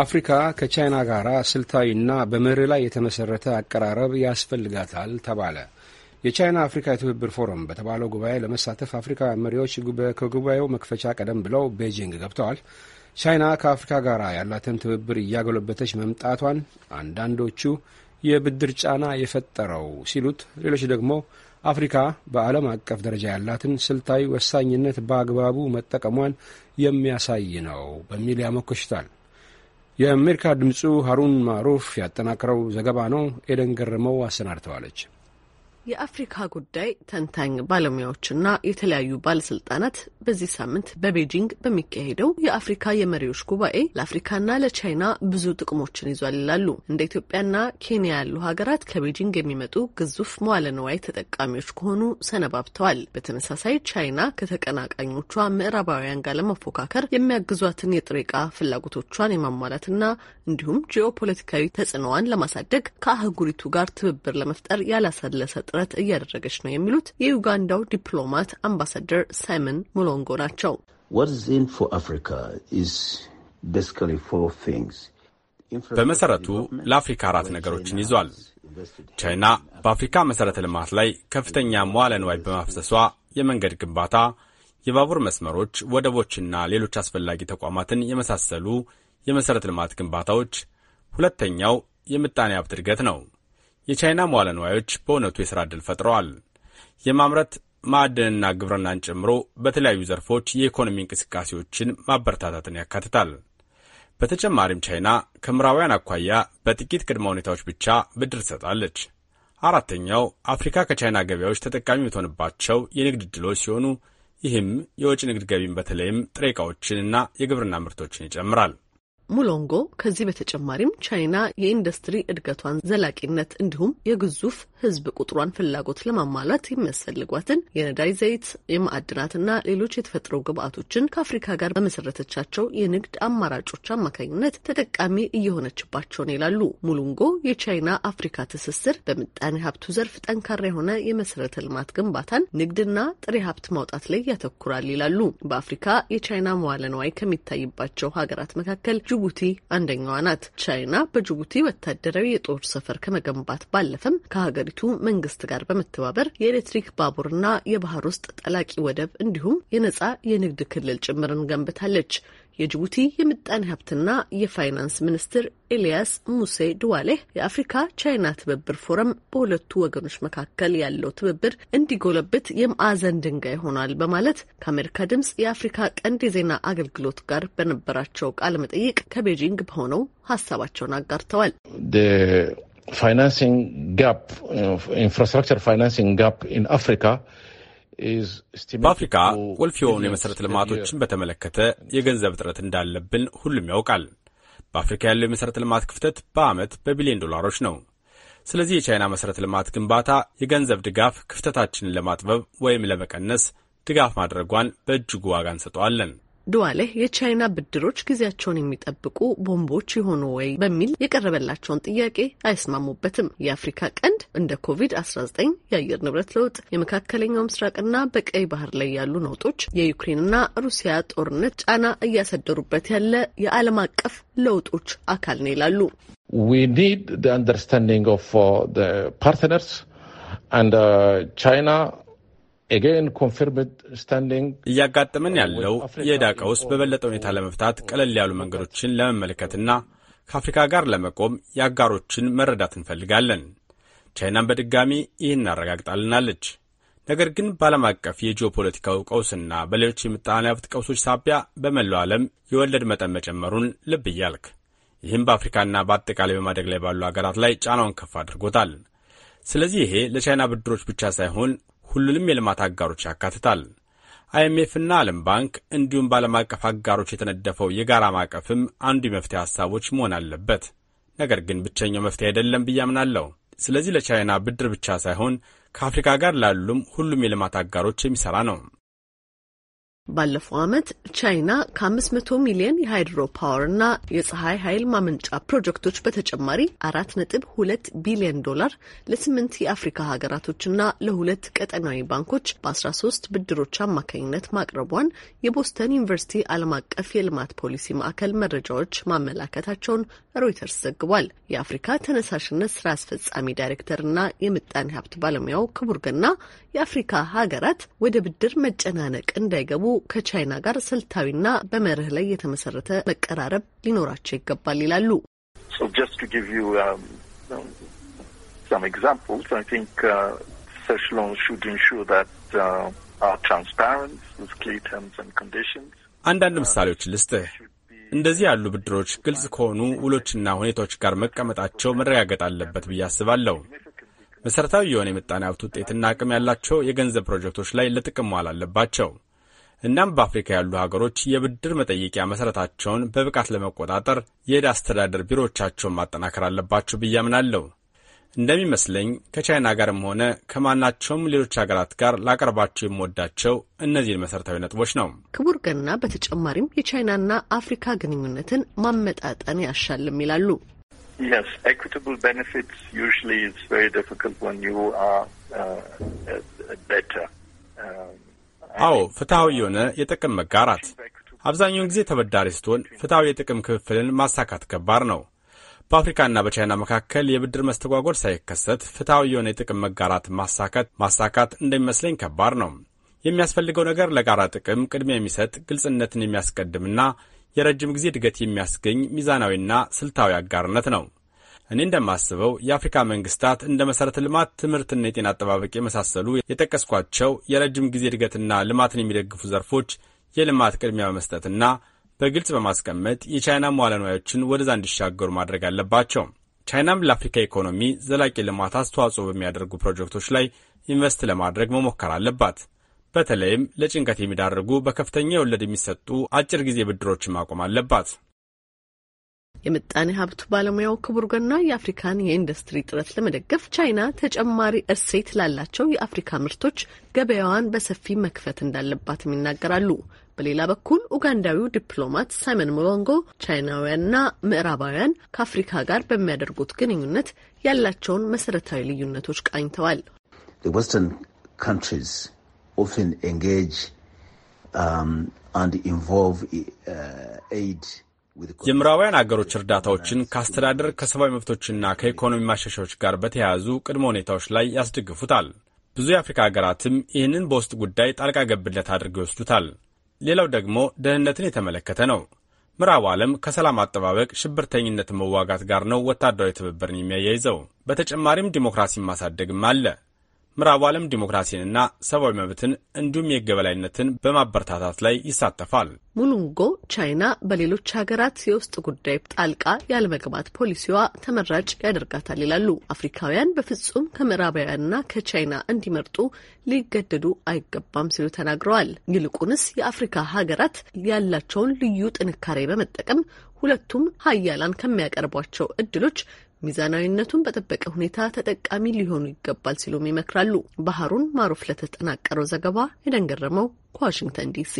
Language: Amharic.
አፍሪካ ከቻይና ጋር ስልታዊና በመርህ ላይ የተመሠረተ አቀራረብ ያስፈልጋታል ተባለ። የቻይና አፍሪካ የትብብር ፎረም በተባለው ጉባኤ ለመሳተፍ አፍሪካውያን መሪዎች ከጉባኤው መክፈቻ ቀደም ብለው ቤጂንግ ገብተዋል። ቻይና ከአፍሪካ ጋር ያላትን ትብብር እያጎለበተች መምጣቷን አንዳንዶቹ የብድር ጫና የፈጠረው ሲሉት፣ ሌሎች ደግሞ አፍሪካ በዓለም አቀፍ ደረጃ ያላትን ስልታዊ ወሳኝነት በአግባቡ መጠቀሟን የሚያሳይ ነው በሚል ያሞከሽታል። የአሜሪካ ድምፁ ሀሩን ማሩፍ ያጠናክረው ዘገባ ነው። ኤደን ገረመው አሰናድተዋለች። የአፍሪካ ጉዳይ ተንታኝ ባለሙያዎችና የተለያዩ ባለስልጣናት በዚህ ሳምንት በቤጂንግ በሚካሄደው የአፍሪካ የመሪዎች ጉባኤ ለአፍሪካና ለቻይና ብዙ ጥቅሞችን ይዟል ይላሉ። እንደ ኢትዮጵያና ኬንያ ያሉ ሀገራት ከቤጂንግ የሚመጡ ግዙፍ መዋለ ንዋይ ተጠቃሚዎች ከሆኑ ሰነባብተዋል። በተመሳሳይ ቻይና ከተቀናቃኞቿ ምዕራባውያን ጋር ለመፎካከር የሚያግዟትን የጥሬ ዕቃ ፍላጎቶቿን የማሟላትና እንዲሁም ጂኦፖለቲካዊ ተጽዕኖዋን ለማሳደግ ከአህጉሪቱ ጋር ትብብር ለመፍጠር ያላሰለሰ ጥረት እያደረገች ነው የሚሉት የዩጋንዳው ዲፕሎማት አምባሳደር ሳይመን ሙሎንጎ ናቸው። በመሰረቱ ለአፍሪካ አራት ነገሮችን ይዟል። ቻይና በአፍሪካ መሠረተ ልማት ላይ ከፍተኛ መዋለ ንዋይ በማፍሰሷ የመንገድ ግንባታ፣ የባቡር መስመሮች፣ ወደቦችና ሌሎች አስፈላጊ ተቋማትን የመሳሰሉ የመሠረተ ልማት ግንባታዎች። ሁለተኛው የምጣኔ ሀብት እድገት ነው። የቻይና መዋለ ንዋዮች በእውነቱ የሥራ ዕድል ፈጥረዋል። የማምረት ማዕድንና ግብርናን ጨምሮ በተለያዩ ዘርፎች የኢኮኖሚ እንቅስቃሴዎችን ማበረታታትን ያካትታል። በተጨማሪም ቻይና ከምዕራባውያን አኳያ በጥቂት ቅድመ ሁኔታዎች ብቻ ብድር ትሰጣለች። አራተኛው አፍሪካ ከቻይና ገበያዎች ተጠቃሚ የምትሆንባቸው የንግድ ዕድሎች ሲሆኑ ይህም የውጭ ንግድ ገቢን በተለይም ጥሬ ዕቃዎችንና የግብርና ምርቶችን ይጨምራል። ሙሎንጎ ከዚህ በተጨማሪም ቻይና የኢንዱስትሪ እድገቷን ዘላቂነት እንዲሁም የግዙፍ ሕዝብ ቁጥሯን ፍላጎት ለማሟላት የሚያስፈልጓትን የነዳጅ ዘይት፣ የማዕድናትና ሌሎች የተፈጥሮ ግብዓቶችን ከአፍሪካ ጋር በመሰረተቻቸው የንግድ አማራጮች አማካኝነት ተጠቃሚ እየሆነችባቸው ነው ይላሉ ሙሉንጎ። የቻይና አፍሪካ ትስስር በምጣኔ ሀብቱ ዘርፍ ጠንካራ የሆነ የመሰረተ ልማት ግንባታን፣ ንግድና ጥሬ ሀብት ማውጣት ላይ ያተኩራል ይላሉ። በአፍሪካ የቻይና መዋለ ንዋይ ከሚታይባቸው ሀገራት መካከል ጅቡቲ አንደኛዋ ናት። ቻይና በጅቡቲ ወታደራዊ የጦር ሰፈር ከመገንባት ባለፈም ከሀገሪቱ መንግስት ጋር በመተባበር የኤሌክትሪክ ባቡርና የባህር ውስጥ ጠላቂ ወደብ እንዲሁም የነጻ የንግድ ክልል ጭምርን ገንብታለች። የጅቡቲ የምጣኔ ሀብትና የፋይናንስ ሚኒስትር ኤልያስ ሙሴ ድዋሌ የአፍሪካ ቻይና ትብብር ፎረም በሁለቱ ወገኖች መካከል ያለው ትብብር እንዲጎለብት የማዕዘን ድንጋይ ሆኗል በማለት ከአሜሪካ ድምጽ የአፍሪካ ቀንድ የዜና አገልግሎት ጋር በነበራቸው ቃለ መጠይቅ ከቤጂንግ በሆነው ሀሳባቸውን አጋርተዋል። ፋይናንሲንግ ጋፕ ኢንፍራስትራክቸር ፋይናንሲንግ ጋፕ ኢን አፍሪካ በአፍሪካ ቁልፍ የሆኑ የመሠረተ ልማቶችን በተመለከተ የገንዘብ እጥረት እንዳለብን ሁሉም ያውቃል። በአፍሪካ ያለው የመሠረተ ልማት ክፍተት በዓመት በቢሊዮን ዶላሮች ነው። ስለዚህ የቻይና መሠረተ ልማት ግንባታ የገንዘብ ድጋፍ ክፍተታችንን ለማጥበብ ወይም ለመቀነስ ድጋፍ ማድረጓን በእጅጉ ዋጋ እንሰጠዋለን። ድዋሌ የቻይና ብድሮች ጊዜያቸውን የሚጠብቁ ቦምቦች የሆኑ ወይ በሚል የቀረበላቸውን ጥያቄ አይስማሙበትም። የአፍሪካ ቀንድ እንደ ኮቪድ-19 የአየር ንብረት ለውጥ፣ የመካከለኛው ምስራቅና በቀይ ባህር ላይ ያሉ ነውጦች፣ የዩክሬንና ሩሲያ ጦርነት ጫና እያሰደሩበት ያለ የዓለም አቀፍ ለውጦች አካል ነው ይላሉ። We need the እያጋጠመን uh, ያለው የዕዳ ቀውስ በበለጠ ሁኔታ ለመፍታት ቀለል ያሉ መንገዶችን ለመመልከትና ከአፍሪካ ጋር ለመቆም የአጋሮችን መረዳት እንፈልጋለን። ቻይናን በድጋሚ ይህን እናረጋግጣልናለች። ነገር ግን በዓለም አቀፍ የጂኦፖለቲካዊ ቀውስና በሌሎች የምጣኔ ሀብት ቀውሶች ሳቢያ በመላው ዓለም የወለድ መጠን መጨመሩን ልብ እያልክ፣ ይህም በአፍሪካና በአጠቃላይ በማደግ ላይ ባሉ አገራት ላይ ጫናውን ከፍ አድርጎታል። ስለዚህ ይሄ ለቻይና ብድሮች ብቻ ሳይሆን ሁሉንም የልማት አጋሮች ያካትታል። አይኤምኤፍና ዓለም ባንክ እንዲሁም በዓለም አቀፍ አጋሮች የተነደፈው የጋራ ማዕቀፍም አንዱ የመፍትሄ ሀሳቦች መሆን አለበት። ነገር ግን ብቸኛው መፍትሄ አይደለም ብዬ አምናለሁ። ስለዚህ ለቻይና ብድር ብቻ ሳይሆን ከአፍሪካ ጋር ላሉም ሁሉም የልማት አጋሮች የሚሠራ ነው። ባለፈው ዓመት ቻይና ከ500 ሚሊዮን የሃይድሮ ፓወር እና የፀሐይ ኃይል ማመንጫ ፕሮጀክቶች በተጨማሪ 4.2 ቢሊዮን ዶላር ለስምንት የአፍሪካ ሀገራቶችና ለሁለት ቀጠናዊ ባንኮች በ13 ብድሮች አማካኝነት ማቅረቧን የቦስተን ዩኒቨርሲቲ ዓለም አቀፍ የልማት ፖሊሲ ማዕከል መረጃዎች ማመላከታቸውን ሮይተርስ ዘግቧል። የአፍሪካ ተነሳሽነት ስራ አስፈጻሚ ዳይሬክተር እና የምጣኔ ሀብት ባለሙያው ክቡር ገና የአፍሪካ ሀገራት ወደ ብድር መጨናነቅ እንዳይገቡ ከቻይና ጋር ስልታዊና በመርህ ላይ የተመሰረተ መቀራረብ ሊኖራቸው ይገባል ይላሉ። um, um, uh, uh, አንዳንድ uh, ምሳሌዎች ልስጥህ። እንደዚህ ያሉ ብድሮች ግልጽ ከሆኑ ውሎችና ሁኔታዎች ጋር መቀመጣቸው መረጋገጥ አለበት ብዬ አስባለሁ። መሠረታዊ የሆነ የምጣኔ ሀብት ውጤትና አቅም ያላቸው የገንዘብ ፕሮጀክቶች ላይ ለጥቅም መዋል አለባቸው። እናም በአፍሪካ ያሉ ሀገሮች የብድር መጠየቂያ መሰረታቸውን በብቃት ለመቆጣጠር የዕዳ አስተዳደር ቢሮዎቻቸውን ማጠናከር አለባቸው ብዬ አምናለሁ። እንደሚመስለኝ ከቻይና ጋርም ሆነ ከማናቸውም ሌሎች ሀገራት ጋር ላቀርባቸው የምወዳቸው እነዚህን መሰረታዊ ነጥቦች ነው። ክቡር ገና በተጨማሪም የቻይናና አፍሪካ ግንኙነትን ማመጣጠን ያሻልም ይላሉ። Yes, equitable benefits usually is very difficult when you are uh, አዎ፣ ፍትሐዊ የሆነ የጥቅም መጋራት። አብዛኛውን ጊዜ ተበዳሪ ስትሆን ፍትሐዊ የጥቅም ክፍፍልን ማሳካት ከባድ ነው። በአፍሪካና በቻይና መካከል የብድር መስተጓጎድ ሳይከሰት ፍትሐዊ የሆነ የጥቅም መጋራት ማሳካት ማሳካት እንደሚመስለኝ ከባድ ነው። የሚያስፈልገው ነገር ለጋራ ጥቅም ቅድሚያ የሚሰጥ ግልጽነትን የሚያስቀድምና የረጅም ጊዜ እድገት የሚያስገኝ ሚዛናዊና ስልታዊ አጋርነት ነው። እኔ እንደማስበው የአፍሪካ መንግስታት እንደ መሠረተ ልማት ትምህርትና የጤና አጠባበቅ የመሳሰሉ የጠቀስኳቸው የረጅም ጊዜ እድገትና ልማትን የሚደግፉ ዘርፎች የልማት ቅድሚያ በመስጠትና በግልጽ በማስቀመጥ የቻይና መዋለ ንዋዮችን ወደዛ እንዲሻገሩ ማድረግ አለባቸው። ቻይናም ለአፍሪካ ኢኮኖሚ ዘላቂ ልማት አስተዋጽኦ በሚያደርጉ ፕሮጀክቶች ላይ ኢንቨስት ለማድረግ መሞከር አለባት። በተለይም ለጭንቀት የሚዳርጉ በከፍተኛ የወለድ የሚሰጡ አጭር ጊዜ ብድሮችን ማቆም አለባት። የምጣኔ ሀብቱ ባለሙያው ክቡር ገና የአፍሪካን የኢንዱስትሪ ጥረት ለመደገፍ ቻይና ተጨማሪ እሴት ላላቸው የአፍሪካ ምርቶች ገበያዋን በሰፊ መክፈት እንዳለባትም ይናገራሉ። በሌላ በኩል ኡጋንዳዊው ዲፕሎማት ሳይመን ሞሎንጎ ቻይናውያንና ምዕራባውያን ከአፍሪካ ጋር በሚያደርጉት ግንኙነት ያላቸውን መሰረታዊ ልዩነቶች ቃኝተዋል። የምዕራባውያን አገሮች እርዳታዎችን ከአስተዳደር ከሰብአዊ መብቶችና ከኢኮኖሚ ማሻሻዎች ጋር በተያያዙ ቅድመ ሁኔታዎች ላይ ያስደግፉታል። ብዙ የአፍሪካ ሀገራትም ይህንን በውስጥ ጉዳይ ጣልቃ ገብነት አድርገው ይወስዱታል። ሌላው ደግሞ ደህንነትን የተመለከተ ነው። ምዕራቡ ዓለም ከሰላም አጠባበቅ ሽብርተኝነት መዋጋት ጋር ነው ወታደራዊ ትብብርን የሚያያይዘው። በተጨማሪም ዲሞክራሲን ማሳደግም አለ። ምዕራቡ ዓለም ዲሞክራሲንና ሰብአዊ መብትን እንዲሁም የገበላይነትን በማበረታታት ላይ ይሳተፋል። ሙሉንጎ ቻይና በሌሎች ሀገራት የውስጥ ጉዳይ ጣልቃ ያለመግባት ፖሊሲዋ ተመራጭ ያደርጋታል ይላሉ። አፍሪካውያን በፍጹም ከምዕራባውያንና ከቻይና እንዲመርጡ ሊገደዱ አይገባም ሲሉ ተናግረዋል። ይልቁንስ የአፍሪካ ሀገራት ያላቸውን ልዩ ጥንካሬ በመጠቀም ሁለቱም ሀያላን ከሚያቀርቧቸው እድሎች ሚዛናዊነቱን በጠበቀ ሁኔታ ተጠቃሚ ሊሆኑ ይገባል ሲሉም ይመክራሉ። ባህሩን ማሩፍ ለተጠናቀረው ዘገባ የደንገረመው ከዋሽንግተን ዲሲ